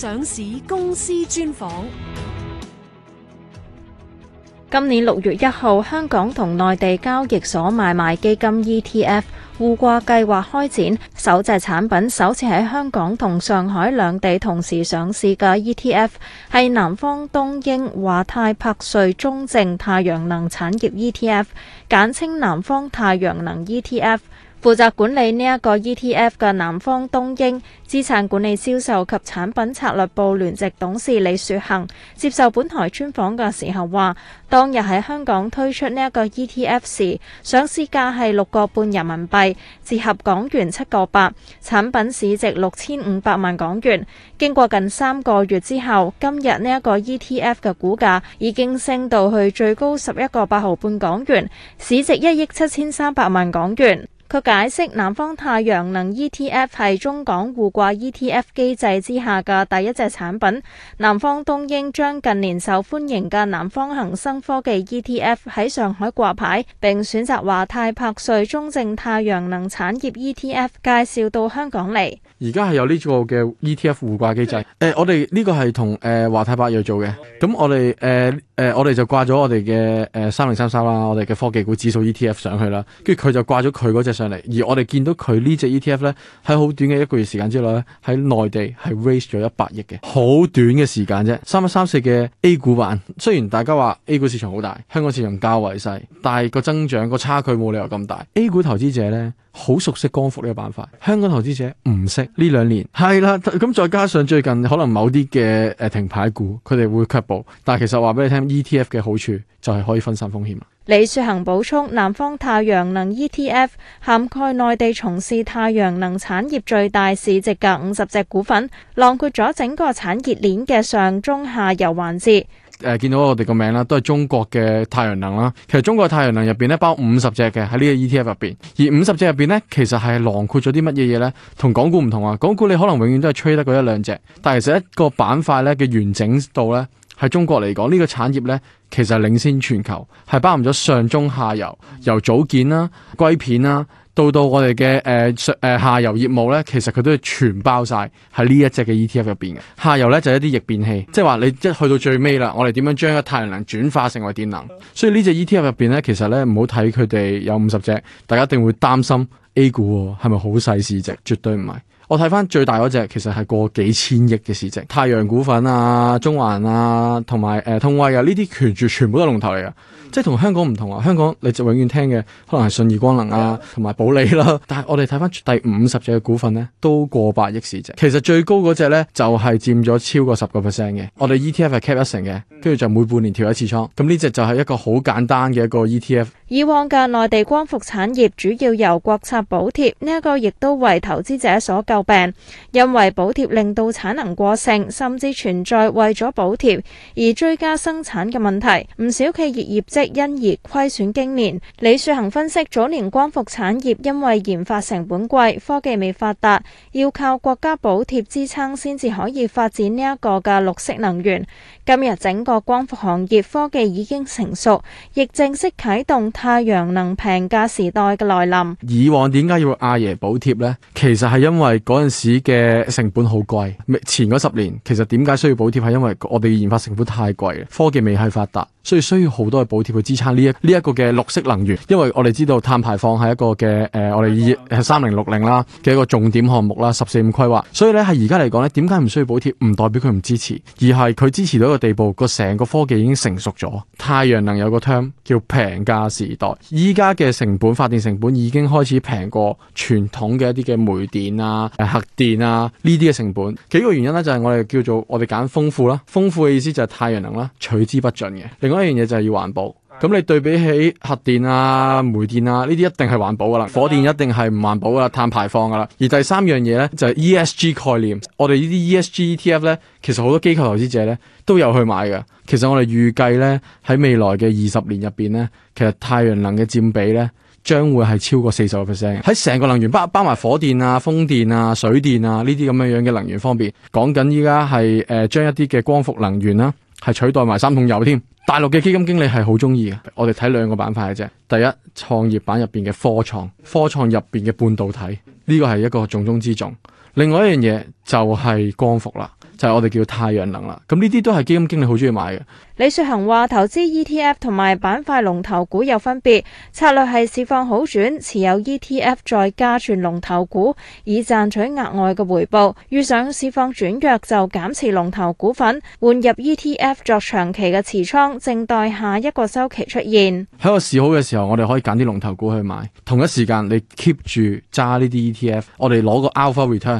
上市公司專訪。今年六月一號，香港同內地交易所買賣基金 ETF 互掛計劃開展，首隻產品首次喺香港同上海兩地同時上市嘅 ETF 係南方東英華泰柏瑞中證太陽能產業 ETF，簡稱南方太陽能 ETF。負責管理呢一個 ETF 嘅南方東英資產管理銷售及產品策略部聯席董事李雪恒接受本台專訪嘅時候話：當日喺香港推出呢一個 ETF 時，上市價係六個半人民幣，折合港元七個八，產品市值六千五百萬港元。經過近三個月之後，今日呢一個 ETF 嘅股價已經升到去最高十一個八毫半港元，市值一億七千三百萬港元。佢解釋南方太陽能 ETF 係中港互掛 ETF 機制之下嘅第一隻產品。南方東英將近年受歡迎嘅南方恒生科技 ETF 喺上海掛牌，並選擇華泰柏瑞中證太陽能產業 ETF 介紹到香港嚟。而家係有呢個嘅 ETF 互掛機制，誒、呃，我哋呢個係同誒華泰柏瑞做嘅，咁我哋誒誒，我哋就掛咗我哋嘅誒三零三三啦，我哋嘅科技股指數 ETF 上去啦，跟住佢就掛咗佢嗰隻上嚟，而我哋見到佢呢隻 ETF 咧喺好短嘅一個月時間之內咧，喺內地係 raise 咗一百億嘅，好短嘅時間啫，三一三四嘅 A 股版，雖然大家話 A 股市場好大，香港市場較為細，但係個增長、個差距冇理由咁大，A 股投資者咧。好熟悉光伏呢個辦法，香港投資者唔識呢兩年係啦。咁再加上最近可能某啲嘅誒停牌股，佢哋會卻步。但係其實話俾你聽，E T F 嘅好處就係可以分散風險。李雪恒補充，南方太陽能 E T F 涵蓋內地從事太陽能產業最大市值嘅五十隻股份，囊括咗整個產業鏈嘅上中下游環節。誒、呃，見到我哋個名啦，都係中國嘅太陽能啦。其實中國太陽能入邊咧，包五十隻嘅喺呢個 ETF 入邊。而五十隻入邊呢，其實係囊括咗啲乜嘢嘢呢？同港股唔同啊，港股你可能永遠都係吹得嗰一兩隻，但係其實一個板塊咧嘅完整度呢，喺中國嚟講，呢、這個產業呢，其實領先全球，係包含咗上中下游，由組件啦、啊、硅片啦、啊。到到我哋嘅誒誒下游業務咧，其實佢都係全包晒喺呢一隻嘅 ETF 入邊嘅下游咧，就係一啲逆變器，即係話你即係去到最尾啦，我哋點樣將個太陽能轉化成為電能？所以呢隻 ETF 入邊咧，其實咧唔好睇佢哋有五十隻，大家一定會擔心 A 股係咪好細市值？絕對唔係。我睇翻最大嗰隻，其實係過幾千億嘅市值，太陽股份啊、中環啊，呃、同埋誒通威啊，呢啲權重全部都係龍頭嚟㗎，即係同香港唔同啊！香港你就永遠聽嘅可能係信義光能啊，同埋保利啦。但係我哋睇翻第五十隻嘅股份呢，都過百億市值。其實最高嗰隻呢，就係、是、佔咗超過十個 percent 嘅。我哋 ETF 係 cap 一成嘅，跟住就每半年調一次倉。咁呢隻就係一個好簡單嘅一個 ETF。以往嘅內地光伏產業主要由國策補貼，呢、這、一個亦都為投資者所夠。病，因為補貼令到產能過剩，甚至存在為咗補貼而追加生產嘅問題。唔少企業業績因而虧損經年。李雪恒分析，早年光伏產業因為研發成本貴、科技未發達，要靠國家補貼支撐先至可以發展呢一個嘅綠色能源。今日整個光伏行業科技已經成熟，亦正式啟動太陽能平價時代嘅來臨。以往點解要阿爺補貼咧？其實係因為。嗰陣時嘅成本好貴，前嗰十年其實點解需要補貼，係因為我哋研發成本太貴，科技未係發達，所以需要好多嘅補貼去支撐呢一呢一個嘅綠色能源。因為我哋知道碳排放係一個嘅誒、呃，我哋三零六零啦嘅一個重點項目啦，十四五規劃。所以呢，係而家嚟講咧，點解唔需要補貼？唔代表佢唔支持，而係佢支持到一個地步，個成個科技已經成熟咗。太陽能有個 term 叫平價時代，依家嘅成本發電成本已經開始平過傳統嘅一啲嘅煤電啊。啊、核電啊，呢啲嘅成本幾個原因呢，就係、是、我哋叫做我哋揀豐富啦，豐富嘅意思就係太陽能啦，取之不盡嘅。另外一樣嘢就係要環保，咁你對比起核電啊、煤電啊呢啲，一定係環保噶啦，火電一定係唔環保噶啦，碳排放噶啦。而第三樣嘢呢，就係、是、ESG 概念，我哋呢啲 ESG ETF 呢，其實好多機構投資者呢都有去買嘅。其實我哋預計呢，喺未來嘅二十年入邊呢，其實太陽能嘅佔比呢。將會係超過四十個 percent，喺成個能源包包埋火電啊、風電啊、水電啊呢啲咁樣樣嘅能源方面，講緊依家係誒將一啲嘅光伏能源啦，係、啊、取代埋三桶油添、啊。大陸嘅基金經理係好中意嘅，我哋睇兩個板塊嘅啫。第一，創業板入邊嘅科創，科創入邊嘅半導體，呢、這個係一個重中之重。另外一樣嘢就係光伏啦，就係、是、我哋叫太陽能啦。咁呢啲都係基金經理好中意買嘅。李雪恒話：投資 ETF 同埋板塊龍頭股有分別，策略係市況好轉持有 ETF 再加轉龍頭股，以賺取額外嘅回報；遇上市況轉弱就減持龍頭股份，換入 ETF 作長期嘅持倉，靜待下一個周期出現。喺個市好嘅時候，我哋可以揀啲龍頭股去買，同一時間你 keep 住揸呢啲 ETF，我哋攞個 alpha return。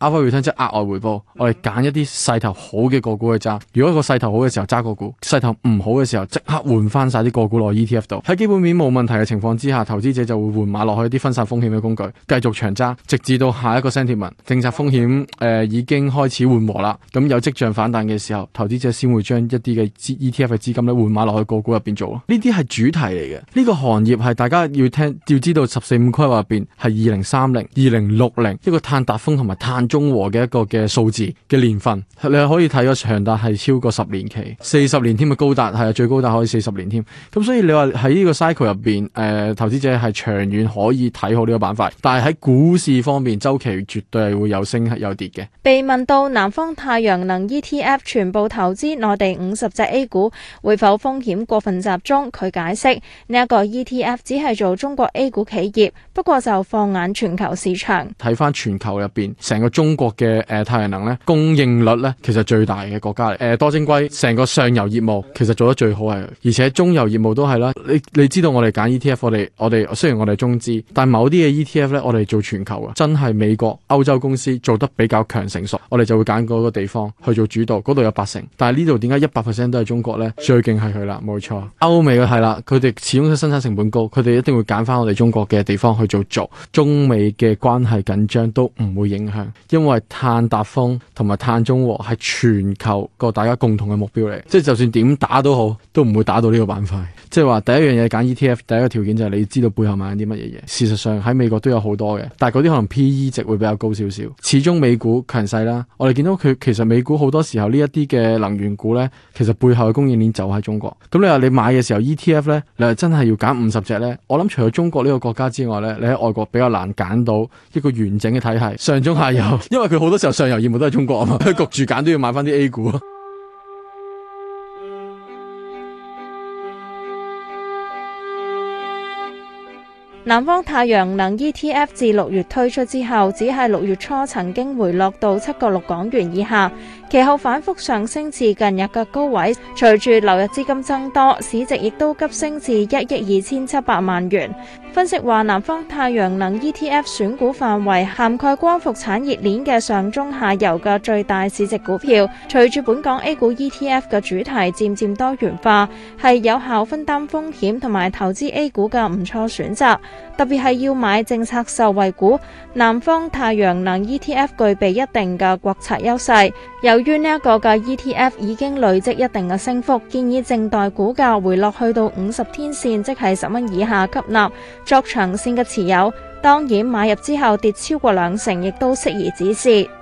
阿輝回聽即係額外回報，我哋揀一啲勢頭好嘅個股去揸。如果個勢頭好嘅時候揸個股，勢頭唔好嘅時候即刻換翻晒啲個股落 E T F 度。喺基本面冇問題嘅情況之下，投資者就會換馬落去啲分散風險嘅工具，繼續長揸，直至到下一個 sentiment 政策風險誒、呃、已經開始緩和啦。咁有跡象反彈嘅時候，投資者先會將一啲嘅 E T F 嘅資金咧換馬落去個股入邊做。呢啲係主題嚟嘅，呢、這個行業係大家要聽要知道十四五規劃入邊係二零三零、二零六零一個碳達峰同埋碳。中和嘅一個嘅數字嘅年份，你係可以睇個長達係超過十年期，四十年添啊！高達係啊，最高達可以四十年添。咁所以你話喺呢個 cycle 入邊，誒、呃，投資者係長遠可以睇好呢個板塊，但係喺股市方面，週期絕對係會有升有跌嘅。被問到南方太陽能 ETF 全部投資內地五十隻 A 股會否風險過分集中，佢解釋呢一個 ETF 只係做中國 A 股企業，不過就放眼全球市場，睇翻全球入邊成個。中國嘅，誒、呃、太陽能咧供應率咧，其實最大嘅國家嚟。誒、呃、多晶硅成個上游業務其實做得最好係，而且中游業務都係啦。你你知道我哋揀 ETF，我哋我哋雖然我哋中資，但係某啲嘅 ETF 咧，我哋做全球呀，真係美國、歐洲公司做得比較強成熟，我哋就會揀嗰個地方去做主導。嗰度有八成，但係呢度點解一百 percent 都係中國咧？最勁係佢啦，冇錯。歐美嘅係啦，佢哋始終都生產成本高，佢哋一定會揀翻我哋中國嘅地方去做做。中美嘅關係緊張都唔會影響。因為碳達峰同埋碳中和係全球個大家共同嘅目標嚟，即係就算點打都好，都唔會打到呢個板塊。即係話第一樣嘢揀 ETF，第一個條件就係你知道背後買緊啲乜嘢嘢。事實上喺美國都有好多嘅，但係嗰啲可能 PE 值會比較高少少。始終美股強勢啦，我哋見到佢其實美股好多時候呢一啲嘅能源股呢，其實背後嘅供應鏈就喺中國。咁你話你買嘅時候 ETF 呢，你係真係要揀五十隻呢？我諗除咗中國呢個國家之外呢，你喺外國比較難揀到一個完整嘅體系，上中下游.。 因為佢好多時候上游業務都係中國啊嘛，焗住揀都要買翻啲 A 股。南方太陽能 ETF 自六月推出之後，只係六月初曾經回落到七個六港元以下，其後反覆上升至近日嘅高位。隨住流入資金增多，市值亦都急升至一億二千七百萬元。分析話，南方太陽能 ETF 選股範圍涵蓋光伏產業鏈嘅上中下游嘅最大市值股票，隨住本港 A 股 ETF 嘅主題漸漸多元化，係有效分擔風險同埋投資 A 股嘅唔錯選擇。特別係要買政策受惠股，南方太陽能 ETF 具備一定嘅國策優勢。由於呢一個嘅 ETF 已經累積一定嘅升幅，建議靜待股價回落去到五十天線，即係十蚊以下吸納作長線嘅持有。當然買入之後跌超過兩成，亦都適宜止蝕。